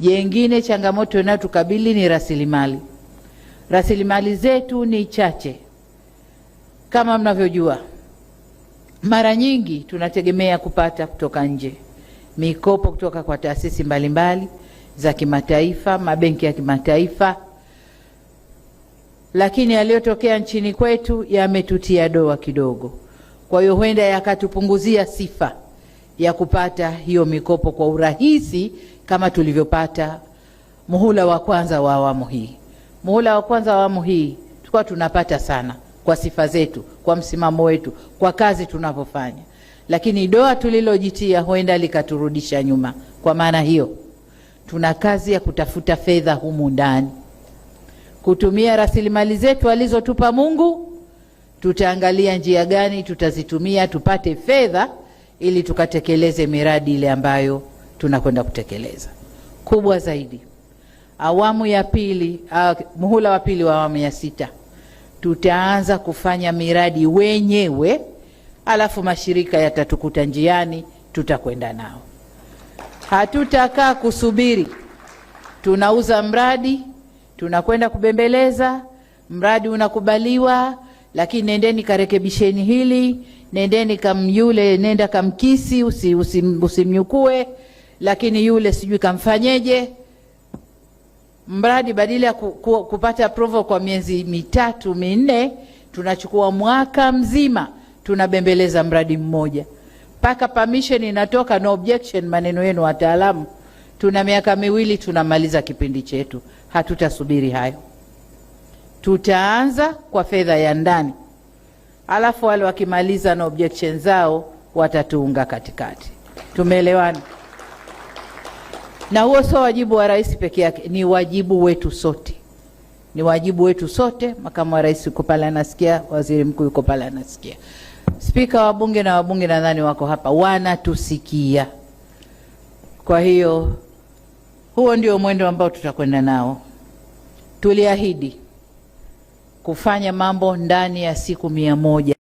Jengine, changamoto inayotukabili ni rasilimali. Rasilimali zetu ni chache, kama mnavyojua, mara nyingi tunategemea kupata kutoka nje, mikopo kutoka kwa taasisi mbalimbali za kimataifa, mabenki ya kimataifa, lakini yaliyotokea nchini kwetu yametutia doa kidogo. Kwa hiyo huenda yakatupunguzia sifa ya kupata hiyo mikopo kwa urahisi kama tulivyopata muhula wa kwanza wa awamu hii. Muhula wa kwanza wa awamu hii tulikuwa tunapata sana kwa sifa zetu, kwa msimamo wetu, kwa kazi tunavyofanya, lakini doa tulilojitia huenda likaturudisha nyuma. Kwa maana hiyo, tuna kazi ya kutafuta fedha humu ndani, kutumia rasilimali zetu alizotupa Mungu. Tutaangalia njia gani tutazitumia tupate fedha ili tukatekeleze miradi ile ambayo tunakwenda kutekeleza kubwa zaidi. Awamu ya pili, uh, muhula wa pili wa awamu ya sita tutaanza kufanya miradi wenyewe, alafu mashirika yatatukuta njiani, tutakwenda nao. Hatutakaa kusubiri tunauza mradi, tunakwenda kubembeleza, mradi unakubaliwa lakini nendeni karekebisheni hili, nendeni kam yule, nenda kamkisi, usimnyukue usi, usi lakini yule sijui kamfanyeje mradi badala ya ku, ku, kupata approval kwa miezi mitatu minne, tunachukua mwaka mzima tunabembeleza mradi mmoja mpaka permission inatoka, no objection, maneno yenu wataalamu. Tuna miaka miwili tunamaliza kipindi chetu, hatutasubiri hayo. Tutaanza kwa fedha ya ndani, alafu wale wakimaliza na objection zao watatuunga katikati. Tumeelewana? Na huo sio wajibu wa rais peke yake, ni wajibu wetu sote, ni wajibu wetu sote. Makamu wa rais yuko pale anasikia, waziri mkuu yuko pale anasikia, spika wa bunge na wabunge nadhani wako hapa wanatusikia. Kwa hiyo huo ndio mwendo ambao tutakwenda nao, tuliahidi kufanya mambo ndani ya siku mia moja.